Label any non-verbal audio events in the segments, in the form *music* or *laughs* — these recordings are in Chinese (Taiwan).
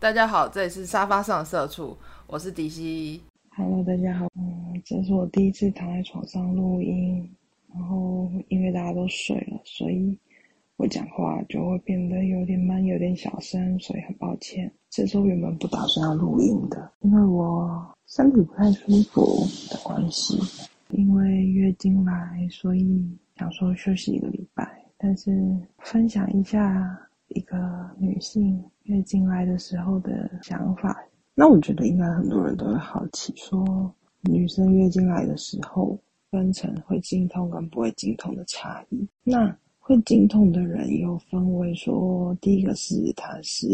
大家好，這裡是沙發上的社畜，我是迪西。Hello，大家好。嗯，這是我第一次躺在床上錄音，然後因為大家都睡了，所以我講話就會變得有點慢，有點小聲，所以很抱歉。這週原本不打算要錄音的，因為我身體不太舒服的關係，因為月經來，所以想說休息一個禮拜，但是分享一下一個女性。月經來的時候的想法，那我覺得應該很多人都會好奇，說女生月經來的時候，分成會經痛跟不會經痛的差異。那會經痛的人又分為說，第一個是他是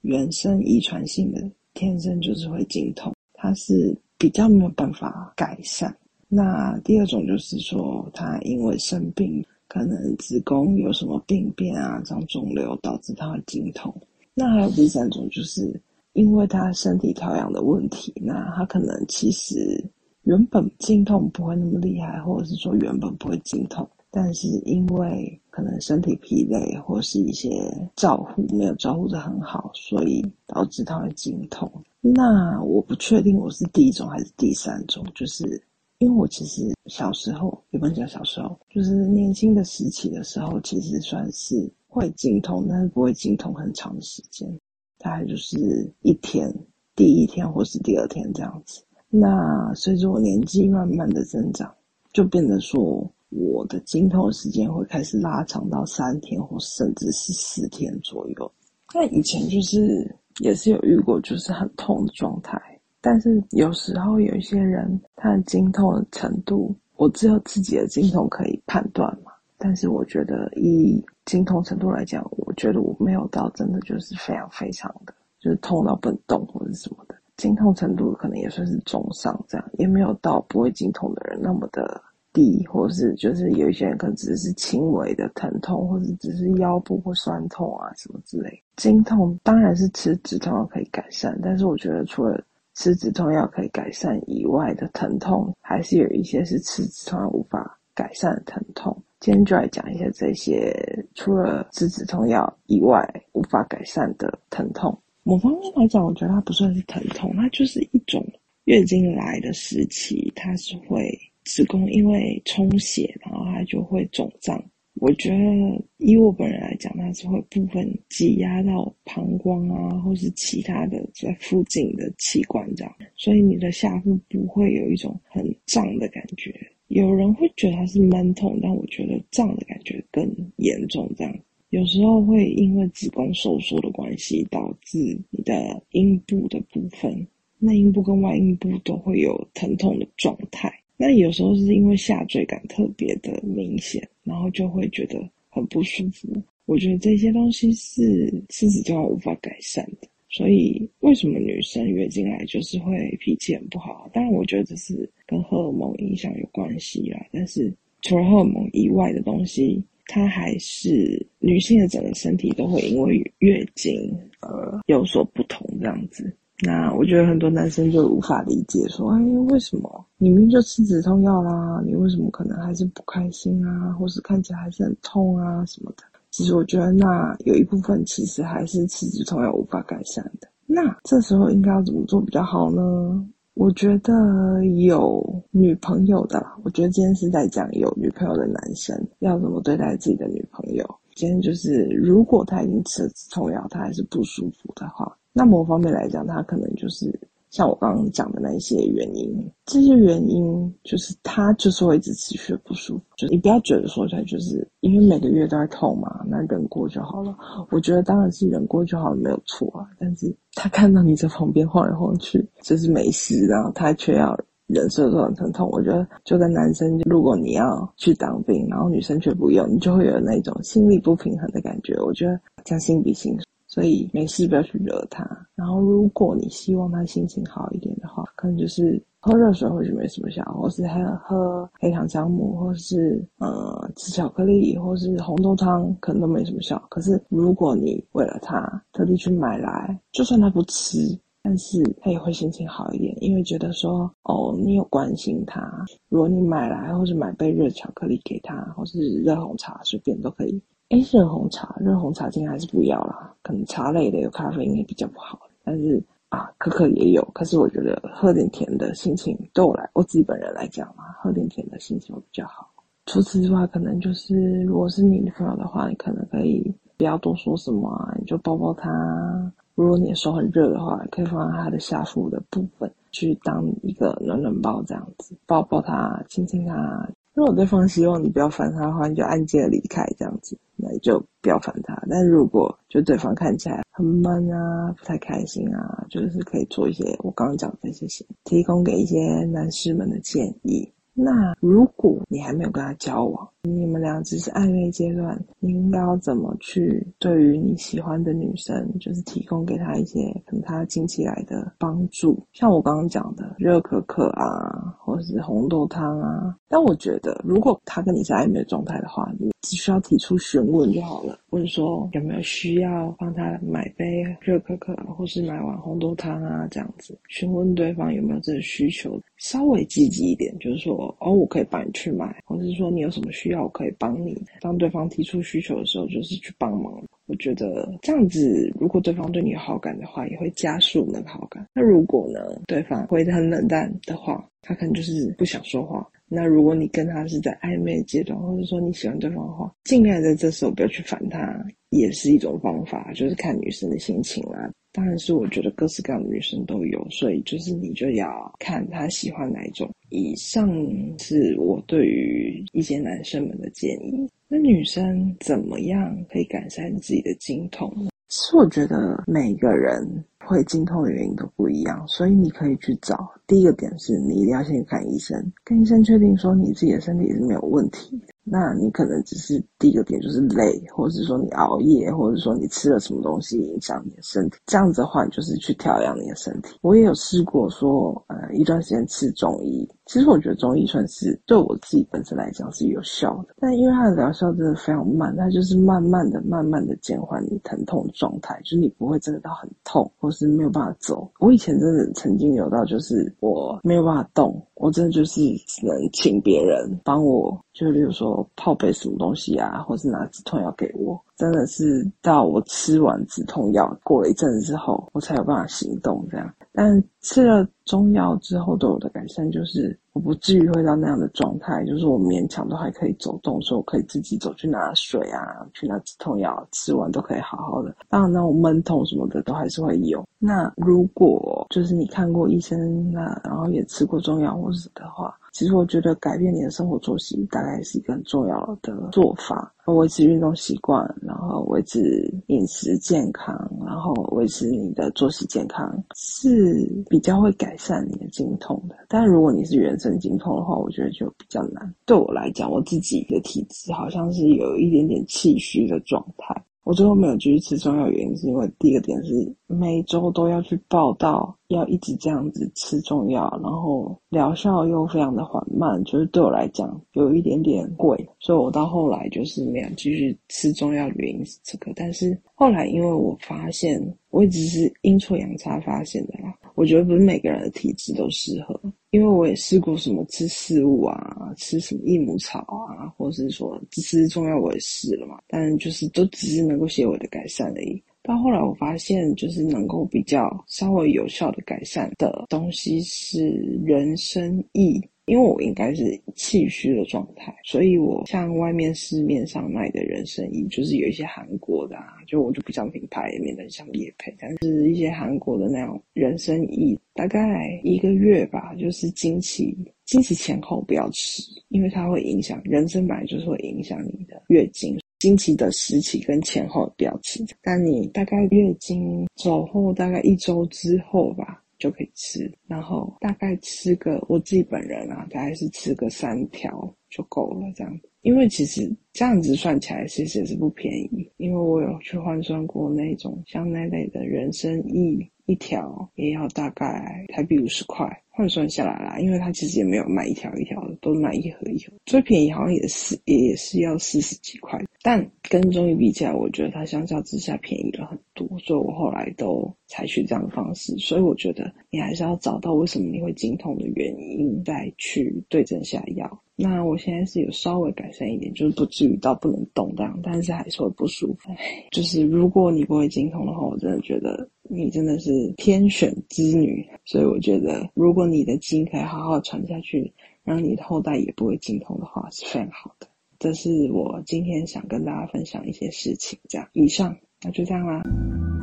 原生遺傳性的，天生就是會經痛，他是比較沒有辦法改善。那第二種就是說，他因為生病，可能子宮有什麼病變啊，像腫瘤導致他會經痛。那還有第三種，就是因為他身體調養的問題，那他可能其實原本經痛不會那麼厲害，或者是說原本不會經痛，但是因為可能身體疲累，或是一些照護沒有照護得很好，所以導致他會經痛。那我不確定我是第一種還是第三種，就是因為我其實小時候，也不能講小時候，就是年輕的時期的時候，其實算是。會經痛，但是不會經痛很長的時間，大概就是一天，第一天或是第二天這樣子。那隨着我年紀慢慢的增長，就變得說我的經痛時間會開始拉長到三天或甚至是四天左右。那、嗯、以前就是也是有遇過，就是很痛的狀態。但是有時候有一些人，他的經痛的程度，我只有自己的經痛可以判斷嘛。但是我覺得以經痛程度來講，我覺得我沒有到真的就是非常非常的就是痛到不能動或者什麼的，經痛程度可能也算是中上這樣，也沒有到不會經痛的人那麼的低，或是就是有一些人可能只是輕微的疼痛，或者只是腰部或酸痛啊什麼之類的。經痛當然是吃止痛藥可以改善，但是我覺得除了吃止痛藥可以改善以外的疼痛，還是有一些是吃止痛藥無法。改善疼痛，今天就來講一下這些除了吃止痛藥以外無法改善的疼痛。某方面來講，我覺得它不算是疼痛，它就是一種月經來的時期，它是會子宮因為充血，然後它就會腫脹。我覺得以我本人來講，它是會部分擠壓到膀胱啊，或是其他的在附近的器官這樣，所以你的下腹部會有一種很脹的感覺。有人會覺得它是蠻痛，但我覺得脹的感覺更嚴重這樣。有時候會因為子宮收縮的關係，導致你的陰部的部分，內陰部跟外陰部都會有疼痛的狀態。那有時候是因為下墜感特別的明顯，然後就會覺得很不舒服。我覺得這些東西是私處就要無法改善的。所以為什麼女生月經來就是會脾氣很不好？當然，我覺得這是跟荷爾蒙影響有關係啦。但是除了荷爾蒙以外的東西，它還是女性的整個身體都會因為月經而有所不同這樣子。呃、那我覺得很多男生就無法理解說，說哎，為什麼你明明就吃止痛藥啦，你為什麼可能還是不開心啊，或是看起來還是很痛啊什麼的？其實我覺得，那有一部分其實還是吃止痛藥無法改善的。那這時候應該要怎麼做比較好呢？我覺得有女朋友的，我覺得今天是在講有女朋友的男生要怎麼對待自己的女朋友。今天就是，如果他已經吃了止痛藥，他還是不舒服的話，那某方面來講，他可能就是。像我剛剛講的那一些原因，這些原因就是他就是會一直持續不舒服。就你不要覺得說出來，就是因為每個月都在痛嘛，那忍過就好了。我覺得當然是忍過就好了，沒有錯啊。但是他看到你在旁邊晃來晃去，就是沒事，然後他卻要忍受這種疼痛，我覺得就跟男生，如果你要去當兵，然後女生卻不用，你就會有那種心理不平衡的感覺。我覺得將心比心。所以沒事不要去惹他。然後，如果你希望他心情好一點的話，可能就是喝熱水或許沒什麼效，或是喝黑糖薑母，或是呃吃巧克力，或是紅豆湯，可能都沒什麼效。可是，如果你為了他特地去買來，就算他不吃，但是他也會心情好一點，因為覺得說哦，你有關心他。如果你買來，或是買杯熱巧克力給他，或是熱紅茶，隨便都可以。哎，熱紅茶，熱紅茶今天還是不要啦，可能茶類的有咖啡因也比較不好，但是啊，可可也有。可是我覺得喝點甜的心情都來，我自己本人來講嘛，喝點甜的心情會比較好。除此之外，可能就是如果是女朋友的話，你可能可以不要多說什麼，啊，你就抱抱她。如果你的手很熱的話，可以放在她的下腹的部分，去當一個暖暖包這樣子，抱抱她，親親她。如果對方希望你不要煩他的話，你就按揭離開這樣子。那就不要煩他。但如果就對方看起來很悶啊，不太開心啊，就是可以做一些我剛剛講的這些，提供給一些男士們的建議。那如果你還沒有跟他交往，你們倆只是曖昧階段，你應該要怎麼去對於你喜歡的女生，就是提供給她一些可能她近期來的幫助？像我剛剛講的。熱可可啊，或是紅豆湯啊。但我覺得，如果他跟你在曖昧狀態的話，你只需要提出詢問就好了，問說有沒有需要幫他買杯熱可可啊，或是買碗紅豆湯啊，這樣子詢問對方有沒有這個需求，稍微積極一點，就是說哦，我可以幫你去買，或是說你有什麼需要，我可以幫你。當對方提出需求的時候，就是去幫忙。我覺得這樣子，如果對方對你有好感的話，也會加速那個好感。那如果呢，對方會很冷淡的話，他可能就是不想說話。那如果你跟他是在曖昧的階段，或者說你喜歡對方的話，盡量在這時候不要去煩他，也是一種方法，就是看女生的心情啦、啊。當然是我覺得各式各樣的女生都有，所以就是你就要看他喜歡哪一種。以上是我對於一些男生們的建議。那女生怎麼樣可以改善自己的經痛呢？其實我覺得每個人會經痛的原因都不一樣，所以你可以去找。第一個點是你一定要先去看醫生，跟醫生確定說你自己的身體是沒有問題。那你可能只是第一個點就是累，或者是說你熬夜，或者說你吃了什麼東西影響你的身體。這樣子的話，你就是去調養你的身體。我也有試過說，呃，一段時間吃中醫。其實我覺得中醫算是對我自己本身來講是有效的，但因為它的療效真的非常慢，它就是慢慢的、慢慢的減緩你疼痛的狀態，就是你不會真的到很痛，或是沒有辦法走。我以前真的曾經有到，就是我沒有辦法動，我真的就是只能請別人幫我，就例如說泡杯什麼東西啊，或是拿止痛藥給我，真的是到我吃完止痛藥過了一陣子之後，我才有辦法行動這樣。但吃了中藥之後，對我的改善就是，我不至於會到那樣的狀態，就是我勉強都還可以走動，所以我可以自己走去拿水啊，去拿止痛藥，吃完都可以好好的。當然那種悶痛什麼的都還是會有。那如果就是你看過醫生，那然後也吃過中藥或者的話。其實我覺得改變你的生活作息大概是一個很重要的做法。維持運動習慣，然後維持飲食健康，然後維持你的作息健康是比較會改善你的經痛的。但如果你是原生經痛的話，我覺得就比較難。對我來講，我自己的體質好像是有一點點氣虛的狀態。我最後沒有繼續吃中藥，原因是因為第一個點是每周都要去報到，要一直這樣子吃中藥，然後療效又非常的緩慢，就是對我來講有一點點貴，所以我到後來就是沒有繼續吃中藥的原因是這個。但是後來因為我發現，我一直是陰錯陽差發現的啦，我覺得不是每個人的體質都適合。因為我也試過什麼吃四物啊，吃什麼益母草啊，或者是說吃中藥，我也試了嘛，但就是都只是能夠稍微的改善而已。到後來我發現，就是能夠比較稍微有效的改善的東西是人參意。因為我應該是氣虛的狀態，所以我像外面市面上賣的人參飲，就是有一些韓國的，啊，就我就不講品牌裡面的像業配，但是一些韓國的那種人參飲，大概一個月吧，就是經期、經期前後不要吃，因為它會影響人參本來就是會影響你的月經，經期的時期跟前後不要吃，但你大概月經走後大概一周之後吧。就可以吃，然後大概吃個我自己本人啊，大概是吃個三條就夠了，這樣。因為其實這樣子算起來其實也是不便宜，因為我有去換算過那種像那類的人參液，一條也要大概台幣五十塊，換算下來啦，因為他其實也沒有賣一條一條的，都是買一盒一盒，最便宜好像也是也，也是要四十幾塊，但跟中醫比起來，我覺得它相較之下便宜了很多，所以我後來都採取這樣的方式。所以我覺得你還是要找到為什麼你會經痛的原因，再去對症下藥。那我現在是有稍微改善一點，就是不至於到不能動這樣，但是還是會不舒服。 *laughs* 就是如果你不會經痛的話，我真的覺得。你真的是天選之女，嗯、所以我覺得，如果你的基因可以好好傳下去，讓你的後代也不會經痛的話，是非常好的。這是我今天想跟大家分享一些事情，這樣。以上，那就這樣啦。